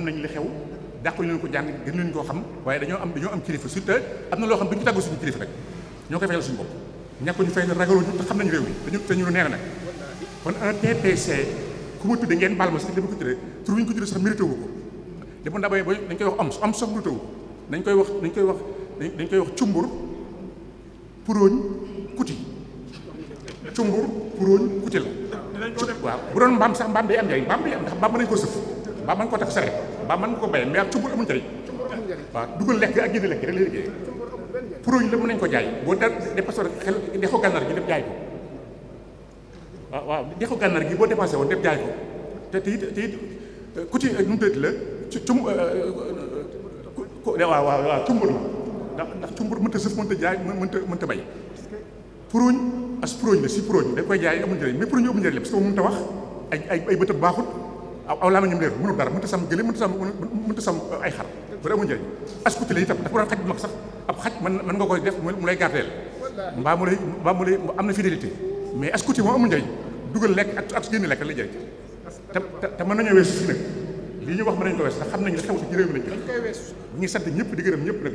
am nañ li xew dàqu leen ko jàng gën leen koo xam waaye dañoo am dañoo am kilifa surtout am na loo xam bi ñu tàggu suñu kilifa nag ñoo koy fayal suñu bopp ñàkkuñu fay na ragaloo ñu te xam nañu réew mi dañu te ñu lu neex nag kon un TPC ku ma tudde ngeen baal ma sax dama ko tudde tur ñu ko tudde sax mérité wu ko dama na bay dañ koy wax am am sax mérité wu dañ koy wax dañ koy wax dañ koy wax cumbur puróñ kuti cumbur puróñ kuti la waaw bu doon mbaam sax mbaam day am njariñ mbaam day am ndax mbaam mën nañ ko sëf ba mën ko def sare ba mën ko béy mais ak cumbur amul njëriñ waaw dugal lekk ak génne lekk rek lay liggéey produit la mën nañ ko jaay boo da dépassé woon xel dexu def jaay ko waaw waaw dexu gànnaar gi boo dépassé woon def jaay ko te te it te it ku ci mu tëdd la ci cum euh, waaw waaw waaw cumbur la ndax ndax cumbur mënta sëf mënta jaay mënta mënta bay puruñ as puruñ la si puruñ dañ koy jaay amul njëriñ mais puruñ amul njëriñ la parce que mënta wax ay ay ay bëtam baaxut aw làmmiñam léegi mënul dara mënut a sàmm gële mënut a sàmm mënut a sàmm ay xar bu dee amul njëriñ askute la itam dafa doon xaj man mën nga koy def mu lay gardeel mbaa mu lay mbaa mu lay am na fidélité mais askute moom amul njëriñ dugal lekk ak ak génn lekk la jëriñ te te mën nañoo weesu si nag lii ñu wax mën nañu ko weesu ndax xam nañu ne xew si ci réew mi lañ ko ñuy sant ñëpp di gërëm ñëpp nag